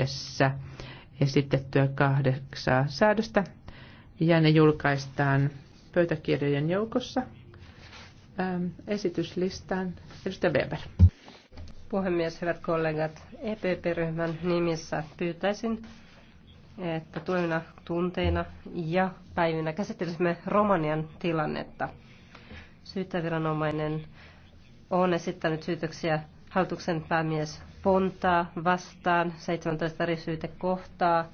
esityksessä esitettyä kahdeksaa säädöstä ja ne julkaistaan pöytäkirjojen joukossa ähm, esityslistaan. Edustaja Weber. Puhemies, hyvät kollegat, EPP-ryhmän nimissä pyytäisin, että tulevina tunteina ja päivinä käsittelisimme Romanian tilannetta. Syyttäviranomainen on esittänyt syytöksiä hallituksen päämies Ponta vastaan, 17 eri syytekohtaa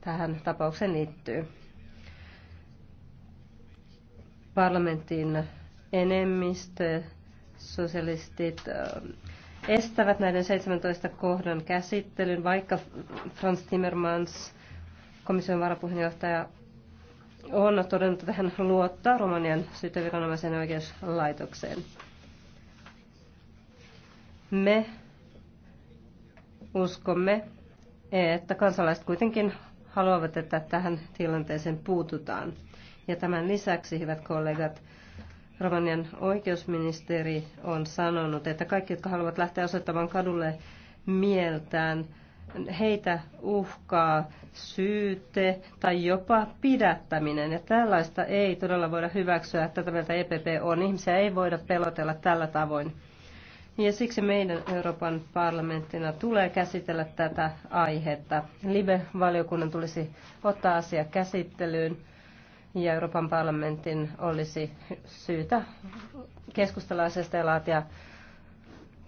tähän tapaukseen liittyy. Parlamentin enemmistö, sosialistit estävät näiden 17 kohdan käsittelyn, vaikka Franz Timmermans, komission varapuheenjohtaja, on todennut, että hän luottaa Romanian syyteviranomaisen oikeuslaitokseen. Me Uskomme, että kansalaiset kuitenkin haluavat, että tähän tilanteeseen puututaan. Ja tämän lisäksi, hyvät kollegat, Romanian oikeusministeri on sanonut, että kaikki, jotka haluavat lähteä osoittamaan kadulle mieltään, heitä uhkaa syyte tai jopa pidättäminen. Ja tällaista ei todella voida hyväksyä. Tätä mieltä EPP on. Ihmisiä ei voida pelotella tällä tavoin. Ja siksi meidän Euroopan parlamenttina tulee käsitellä tätä aihetta. Libe-valiokunnan tulisi ottaa asia käsittelyyn ja Euroopan parlamentin olisi syytä keskustella asiasta ja laatia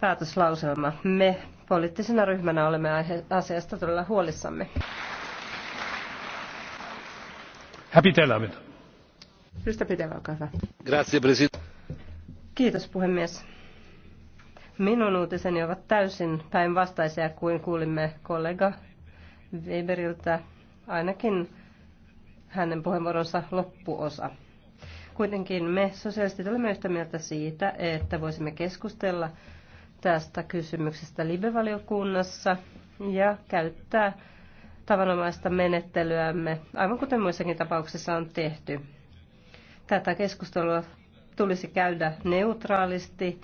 päätöslauselma. Me poliittisena ryhmänä olemme asiasta todella huolissamme. Kiitos puhemies. Minun uutiseni ovat täysin päinvastaisia kuin kuulimme kollega Weberiltä, ainakin hänen puheenvuoronsa loppuosa. Kuitenkin me sosialistit olemme yhtä mieltä siitä, että voisimme keskustella tästä kysymyksestä libevaliokunnassa ja käyttää tavanomaista menettelyämme, aivan kuten muissakin tapauksissa on tehty. Tätä keskustelua tulisi käydä neutraalisti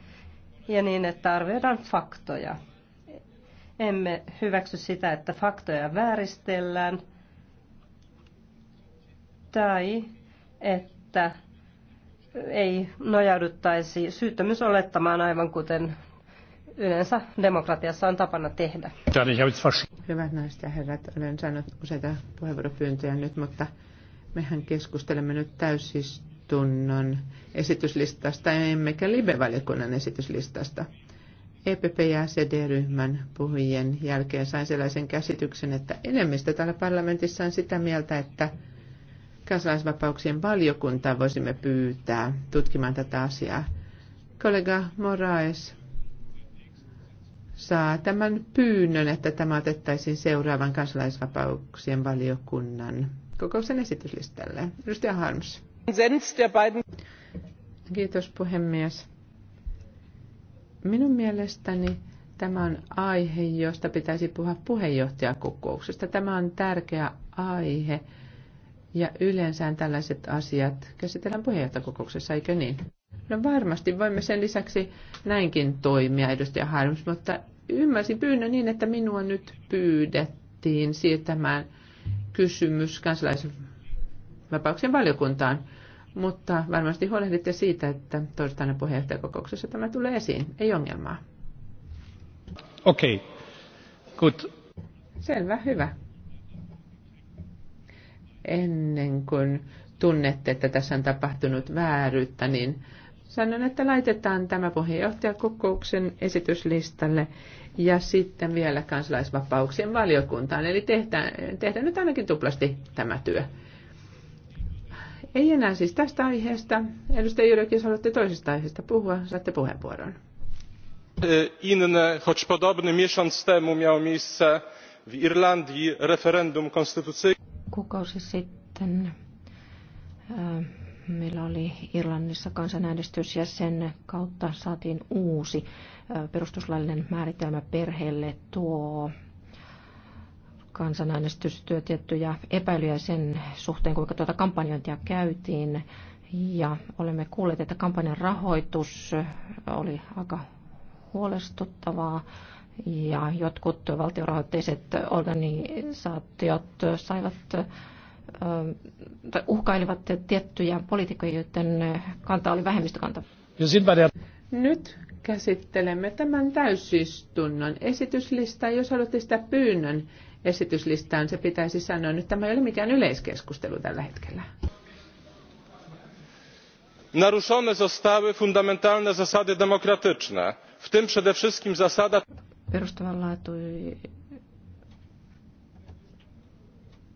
ja niin, että arvioidaan faktoja. Emme hyväksy sitä, että faktoja vääristellään tai että ei nojauduttaisi syyttömyysolettamaan aivan kuten yleensä demokratiassa on tapana tehdä. Niin, Hyvät naiset ja herrat, olen saanut useita puheenvuoropyyntöjä nyt, mutta mehän keskustelemme nyt täysistä täysistunnon esityslistasta, emmekä Libe-valiokunnan esityslistasta. EPP- ja CD-ryhmän puhujien jälkeen sain sellaisen käsityksen, että enemmistö täällä parlamentissa on sitä mieltä, että kansalaisvapauksien valiokuntaa voisimme pyytää tutkimaan tätä asiaa. Kollega Moraes saa tämän pyynnön, että tämä otettaisiin seuraavan kansalaisvapauksien valiokunnan kokouksen esityslistalle. Edustaja Harms. Kiitos puhemies. Minun mielestäni tämä on aihe, josta pitäisi puhua puheenjohtajakokouksesta. Tämä on tärkeä aihe ja yleensä tällaiset asiat käsitellään puheenjohtajakokouksessa, eikö niin? No varmasti voimme sen lisäksi näinkin toimia, edustaja Harms, mutta ymmärsin pyynnön niin, että minua nyt pyydettiin siirtämään kysymys kansalaisen vapauksen valiokuntaan, mutta varmasti huolehditte siitä, että torstaina puheenjohtajakokouksessa tämä tulee esiin. Ei ongelmaa. Okei. Okay. Selvä, hyvä. Ennen kuin tunnette, että tässä on tapahtunut vääryyttä, niin sanon, että laitetaan tämä puheenjohtajakokouksen esityslistalle ja sitten vielä kansalaisvapauksien valiokuntaan. Eli tehdään, tehdään nyt ainakin tuplasti tämä työ. Ei enää siis tästä aiheesta. Edustaja Jyrki, jos haluatte toisesta aiheesta puhua, saatte puheenvuoron. E, Inne, choć podobny miesiąc temu miał miejsce w Irlandii referendum konstytucyjne. Kuukausi sitten e, meillä oli Irlannissa kansanäänestys ja sen kautta saatiin uusi e, perustuslaillinen määritelmä perheelle tuo työ tiettyjä epäilyjä sen suhteen, kuinka tuota kampanjointia käytiin. Ja olemme kuulleet, että kampanjan rahoitus oli aika huolestuttavaa ja jotkut valtiorahoitteiset organisaatiot saivat uhkailivat tiettyjä poliitikkoja, joiden kanta oli vähemmistökanta. Nyt käsittelemme tämän täysistunnon esityslistaa, Jos haluatte sitä pyynnön, esityslistaan, se pitäisi sanoa. Nyt tämä ei ole mikään yleiskeskustelu tällä hetkellä. Naruszone zostały fundamentalne zasady demokratyczne, w tym przede wszystkim zasada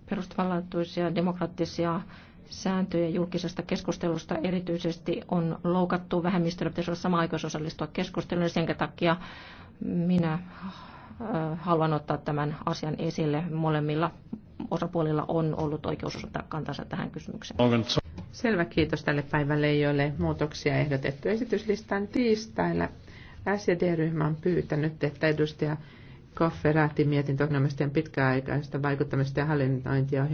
perustavanlaatuisia demokraattisia sääntöjä julkisesta keskustelusta erityisesti on loukattu. Vähemmistöllä pitäisi olla sama aikaisuus osallistua keskusteluun ja sen takia minä haluan ottaa tämän asian esille. Molemmilla osapuolilla on ollut oikeus osoittaa kantansa tähän kysymykseen. Selvä kiitos tälle päivälle, ei ole muutoksia ehdotettu esityslistan tiistaina. SED-ryhmä on pyytänyt, että edustaja Kofferaati mietintöohjelmisten pitkäaikaista vaikuttamista ja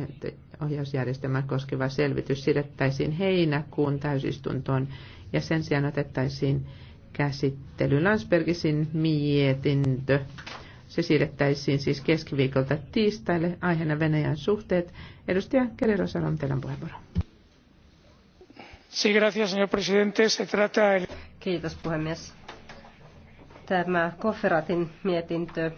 ohjausjärjestelmää koskeva selvitys siirrettäisiin heinäkuun täysistuntoon ja sen sijaan otettaisiin käsittely Landsbergisin mietintö. Se siirrettäisiin siis keskiviikolta tiistaille aiheena Venäjän suhteet. Edustaja Kerero Salom, teidän puheenvuoro. Kiitos puhemies. Tämä Kofferatin mietintö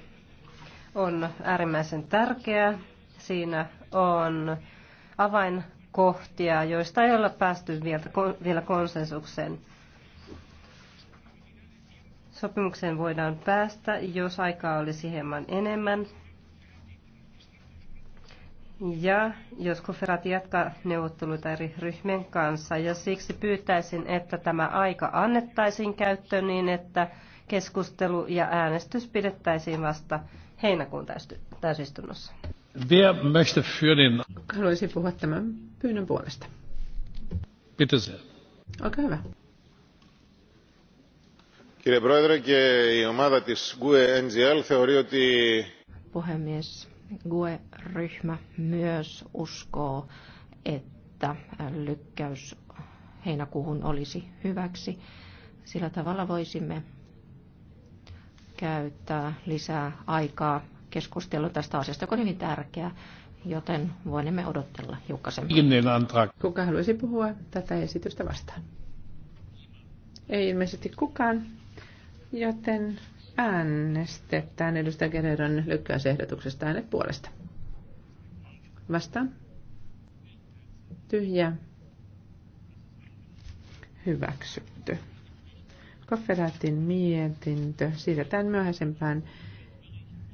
on äärimmäisen tärkeä. Siinä on avainkohtia, joista ei ole päästy vielä konsensukseen. Sopimukseen voidaan päästä, jos aikaa olisi hieman enemmän. Ja jos koferaat jatkaa neuvotteluita eri ryhmien kanssa. Ja siksi pyytäisin, että tämä aika annettaisiin käyttöön niin, että keskustelu ja äänestys pidettäisiin vasta heinäkuun täysistunnossa. Haluaisin puhua tämän pyynnön puolesta. Bitte sehr. Olkaa hyvä. Κύριε Πρόεδρε, GUE Puhemies, GUE-ryhmä myös uskoo, että lykkäys heinäkuuhun olisi hyväksi. Sillä tavalla voisimme käyttää lisää aikaa keskustelu tästä asiasta, joka on hyvin tärkeä, joten voimme odottella hiukkasen. Kuka haluaisi puhua tätä esitystä vastaan? Ei ilmeisesti kukaan. Joten äänestetään edustaja Gereron lykkäysehdotuksesta äänet puolesta. Vastaan. Tyhjä. Hyväksytty. Kofferaatin mietintö. Siirretään myöhäisempään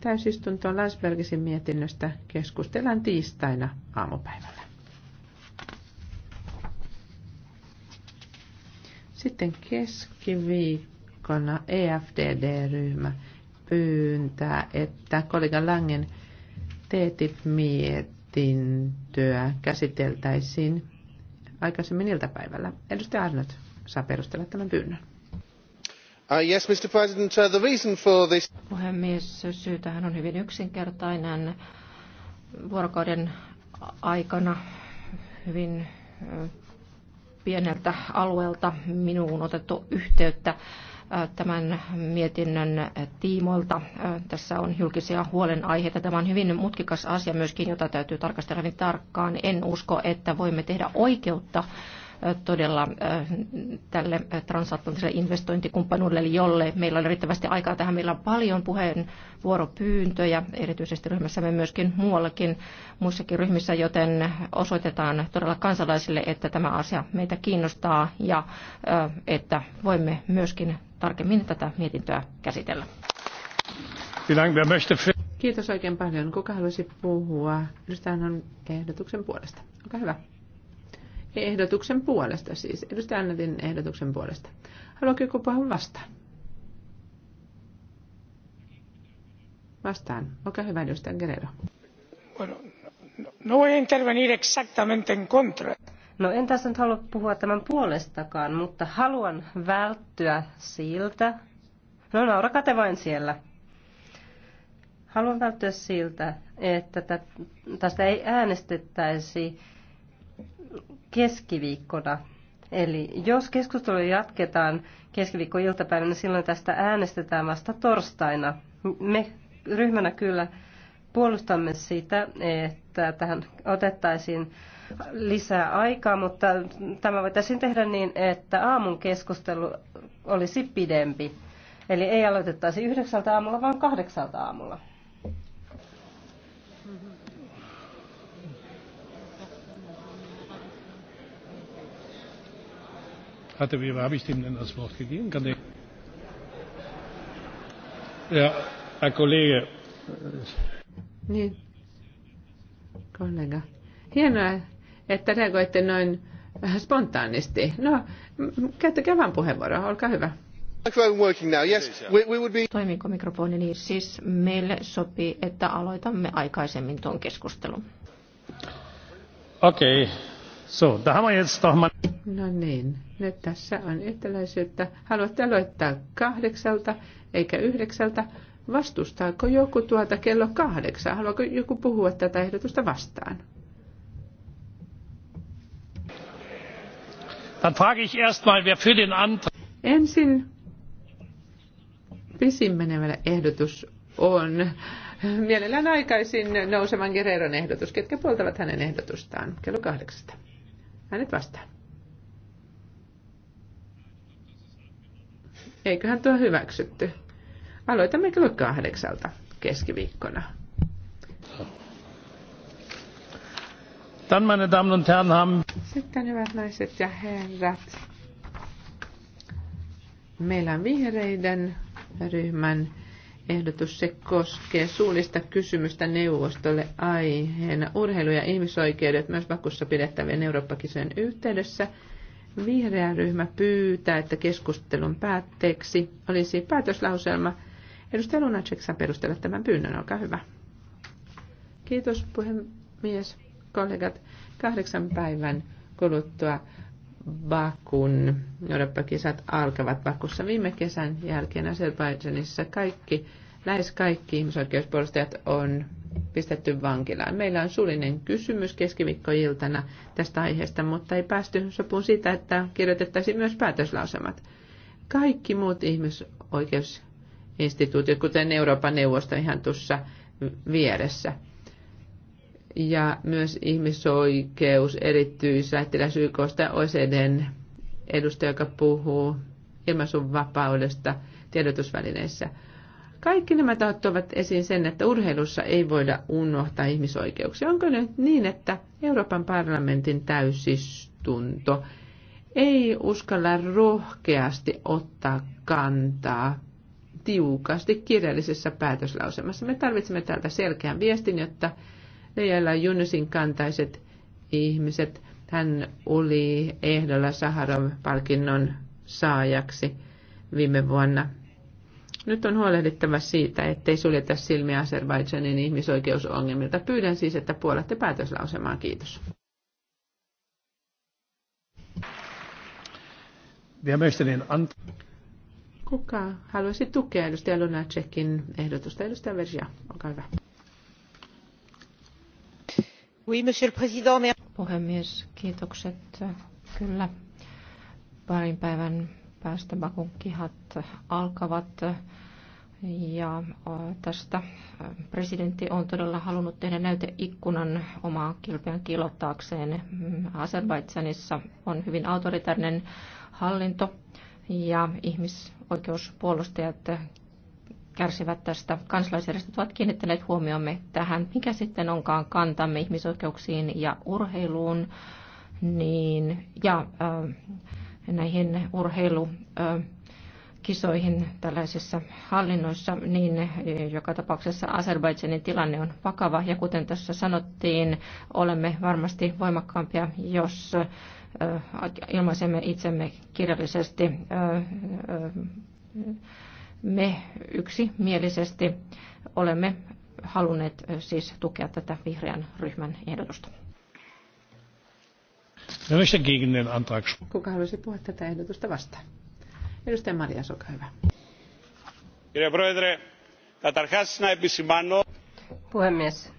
täysistuntoon Länsbergisin mietinnöstä. Keskustellaan tiistaina aamupäivällä. Sitten keskiviikko viikkona EFDD-ryhmä pyyntää, että kollega Langen TTIP-mietintöä käsiteltäisiin aikaisemmin iltapäivällä. Edustaja Arnott saa perustella tämän pyynnön. Uh, yes, Mr. President, uh, the reason for this... Puhemies, syy tähän on hyvin yksinkertainen. Vuorokauden aikana hyvin pieneltä alueelta minuun otettu yhteyttä tämän mietinnön tiimoilta. Tässä on julkisia huolenaiheita. Tämä on hyvin mutkikas asia myöskin, jota täytyy tarkastella hyvin tarkkaan. En usko, että voimme tehdä oikeutta todella tälle transatlanttiselle investointikumppanuudelle, eli jolle meillä on riittävästi aikaa tähän. Meillä on paljon puheenvuoropyyntöjä, erityisesti ryhmässämme myöskin muuallakin muissakin ryhmissä, joten osoitetaan todella kansalaisille, että tämä asia meitä kiinnostaa ja että voimme myöskin tarkemmin tätä mietintöä käsitellä. Kiitos oikein paljon. Kuka haluaisi puhua on ehdotuksen puolesta? Olkaa hyvä. Ehdotuksen puolesta siis. Edustaja Annetin ehdotuksen puolesta. Haluatko joku puhua vastaan? Vastaan. Olkaa hyvä, edustaja Guerrero. Bueno, no, no, no voy a intervenir exactamente en contra No en tässä nyt halua puhua tämän puolestakaan, mutta haluan välttyä siltä. No naurakaa te vain siellä. Haluan välttyä siltä, että tästä ei äänestettäisi keskiviikkona. Eli jos keskustelu jatketaan keskiviikkoiltapäivänä, niin silloin tästä äänestetään vasta torstaina. Me ryhmänä kyllä puolustamme sitä, että tähän otettaisiin lisää aikaa, mutta tämä voitaisiin tehdä niin, että aamun keskustelu olisi pidempi. Eli ei aloitettaisi yhdeksältä aamulla, vaan kahdeksalta aamulla. Hatte, wir habe ich dem denn das Wort gegeben? Kann ich? Ja, Herr Kollege, niin, kollega. Hienoa, että reagoitte noin vähän spontaanisti. No, käyttäkää vaan puheenvuoroa, olkaa hyvä. Toimiiko mikrofoni? Niin siis meille sopii, että aloitamme aikaisemmin tuon keskustelun. Okei. Okay. So, da No niin, nyt tässä on yhtäläisyyttä. Haluatte aloittaa kahdeksalta eikä yhdeksältä. Vastustaako joku tuota kello kahdeksan? Haluaako joku puhua tätä ehdotusta vastaan? Dann frage ich erst mal, wer für den Antrag... Ensin pisin menevä ehdotus on mielellään aikaisin nousevan Gereron ehdotus. Ketkä puoltavat hänen ehdotustaan? Kello kahdeksasta. Hänet vastaan. Eiköhän tuo hyväksytty. Aloitamme kello kahdeksalta keskiviikkona. Sitten hyvät naiset ja herrat, meillä on vihreiden ryhmän ehdotus. Se koskee suullista kysymystä neuvostolle aiheena urheilu ja ihmisoikeudet myös vakuussa pidettävien Eurooppa-kisojen yhteydessä. Vihreä ryhmä pyytää, että keskustelun päätteeksi olisi päätöslauselma – Edustaja Lunacek saa perustella tämän pyynnön, olkaa hyvä. Kiitos puhemies, kollegat. Kahdeksan päivän kuluttua Bakun Eurooppa-kisat alkavat Bakussa viime kesän jälkeen Azerbaidžanissa. Kaikki, lähes kaikki ihmisoikeuspuolustajat on pistetty vankilaan. Meillä on suullinen kysymys keskiviikkoiltana tästä aiheesta, mutta ei päästy sopuun siitä, että kirjoitettaisiin myös päätöslausemat. Kaikki muut ihmisoikeus instituutiot, kuten Euroopan neuvosto ihan tuossa vieressä. Ja myös ihmisoikeus erityislähettiläs YKsta OECDn edustaja, joka puhuu ilmaisun vapaudesta tiedotusvälineissä. Kaikki nämä tahot tuovat esiin sen, että urheilussa ei voida unohtaa ihmisoikeuksia. Onko nyt niin, että Euroopan parlamentin täysistunto ei uskalla rohkeasti ottaa kantaa tiukasti kirjallisessa päätöslausemassa. Me tarvitsemme täältä selkeän viestin, jotta ne, joilla Junusin kantaiset ihmiset, hän oli ehdolla Saharov-palkinnon saajaksi viime vuonna. Nyt on huolehdittava siitä, ettei suljeta silmiä Azerbaidžanin ihmisoikeusongelmilta. Pyydän siis, että puolette päätöslausemaan. Kiitos. Kuka haluaisi tukea edustaja Lunacekin ehdotusta? Edustaja Verja, olkaa hyvä. Oui, monsieur le président. Puhemies, kiitokset. Kyllä, parin päivän päästä Bakun kihat alkavat. Ja tästä presidentti on todella halunnut tehdä näyteikkunan omaa kilpeän kilottaakseen. Azerbaidsanissa on hyvin autoritaarinen hallinto ja ihmisoikeuspuolustajat kärsivät tästä. Kansalaisjärjestöt ovat kiinnittäneet huomiomme tähän, mikä sitten onkaan kantamme ihmisoikeuksiin ja urheiluun niin, ja äh, näihin urheilukisoihin äh, kisoihin tällaisissa hallinnoissa, niin äh, joka tapauksessa Azerbaidžanin tilanne on vakava. Ja kuten tässä sanottiin, olemme varmasti voimakkaampia, jos äh, ilmaisemme itsemme kirjallisesti. Me yksimielisesti olemme halunneet siis tukea tätä vihreän ryhmän ehdotusta. Kuka haluaisi puhua tätä ehdotusta vastaan? Edustaja Maria, olkaa hyvä. Puhemies,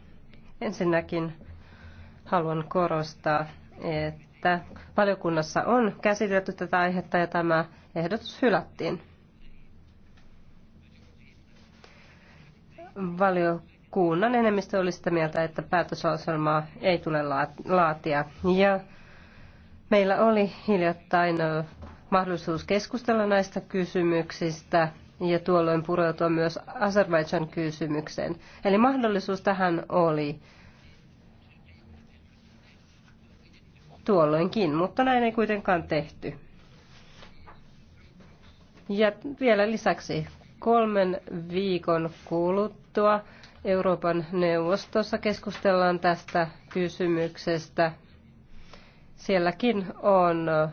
ensinnäkin haluan korostaa, että että valiokunnassa on käsitelty tätä aihetta ja tämä ehdotus hylättiin. Valiokunnan enemmistö oli sitä mieltä, että päätösohjelmaa ei tule laatia. Ja meillä oli hiljattain mahdollisuus keskustella näistä kysymyksistä ja tuolloin pureutua myös Azerbaidžan kysymykseen. Eli mahdollisuus tähän oli. tuolloinkin, mutta näin ei kuitenkaan tehty. Ja vielä lisäksi kolmen viikon kuluttua Euroopan neuvostossa keskustellaan tästä kysymyksestä. Sielläkin on eh,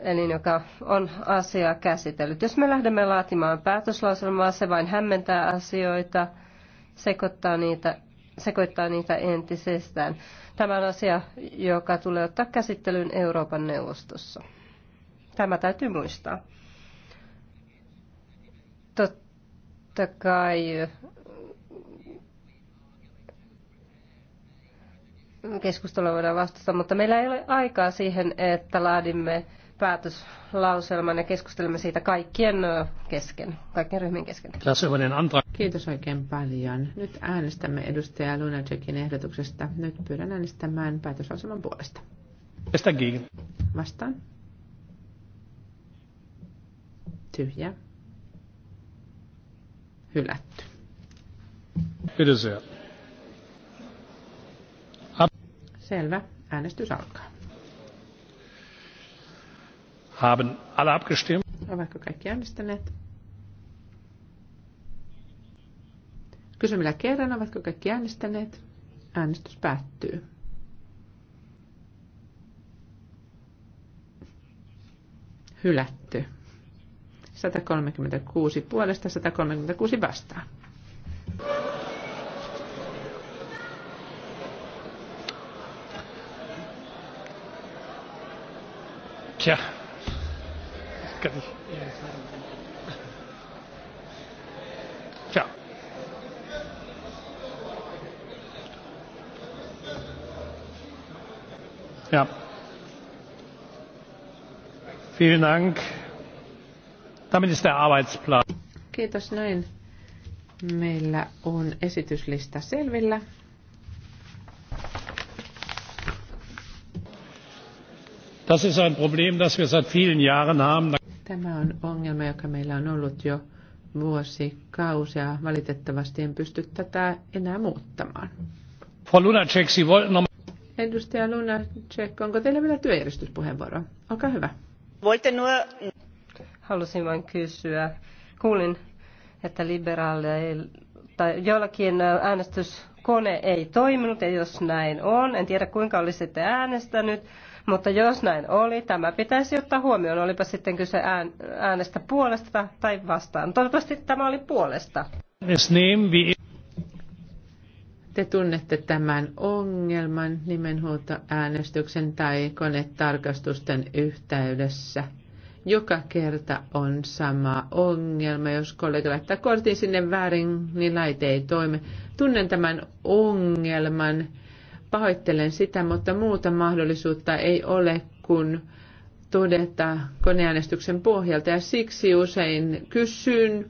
elin, joka on asia käsitellyt. Jos me lähdemme laatimaan päätöslauselmaa, se vain hämmentää asioita, sekoittaa niitä sekoittaa niitä entisestään. Tämä on asia, joka tulee ottaa käsittelyyn Euroopan neuvostossa. Tämä täytyy muistaa. Totta kai keskustelua voidaan vastata, mutta meillä ei ole aikaa siihen, että laadimme päätöslauselman ja keskustelemme siitä kaikkien kesken, kaikkien ryhmien kesken. Kiitos oikein paljon. Nyt äänestämme edustaja Lunacekin ehdotuksesta. Nyt pyydän äänestämään päätöslauselman puolesta. Vastaan. Tyhjä. Hylätty. Selvä. Äänestys alkaa. Haben alle abgestimmt? Ovatko kaikki äänestäneet? Kysymällä kerran, ovatko kaikki äänestäneet? Äänestys päättyy. Hylätty. 136 puolesta, 136 vastaan. Tja, kann ich. Ja. Vielen Dank. Damit ist der Arbeitsplan. Kiitos näin. Meillä on esityslista selvillä. das ist ein problem das wir seit vielen jahren haben. Tämä on ongelma, joka meillä on ollut jo vuosikausia. Valitettavasti en pysty tätä enää muuttamaan. Edustaja Tsek, onko teillä vielä työjärjestyspuheenvuoro? Olkaa hyvä. Halusin vain kysyä. Kuulin, että ei, tai jollakin äänestyskone ei toiminut, ja jos näin on, en tiedä kuinka olisitte äänestänyt, mutta jos näin oli, tämä pitäisi ottaa huomioon, olipa sitten kyse äänestä puolesta tai vastaan. Toivottavasti tämä oli puolesta. Te tunnette tämän ongelman nimenhuoltoäänestyksen tai konetarkastusten yhteydessä joka kerta on sama ongelma. Jos kollega laittaa kortin sinne väärin, niin laite ei toimi. Tunnen tämän ongelman. Pahoittelen sitä, mutta muuta mahdollisuutta ei ole kuin todeta koneäänestyksen pohjalta. Ja siksi usein kysyn,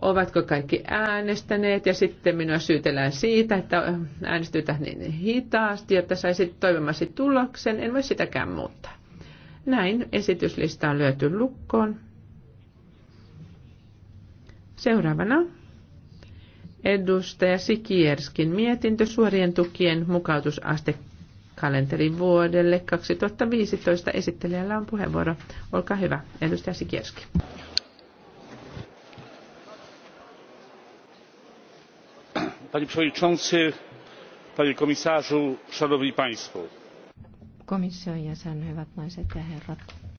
ovatko kaikki äänestäneet ja sitten minua syytellään siitä, että äänestytä niin hitaasti, jotta saisit toivomasi tuloksen. En voi sitäkään muuttaa. Näin esityslista on lyöty lukkoon. Seuraavana edustaja Sikierskin mietintö suorien tukien mukautusaste kalenterin vuodelle 2015. Esittelijällä on puheenvuoro. Olkaa hyvä, edustaja Sikierski. Panie przewodniczący, panie komisarzu, szanowni państwo. ja sen hyvät naiset ja herrat.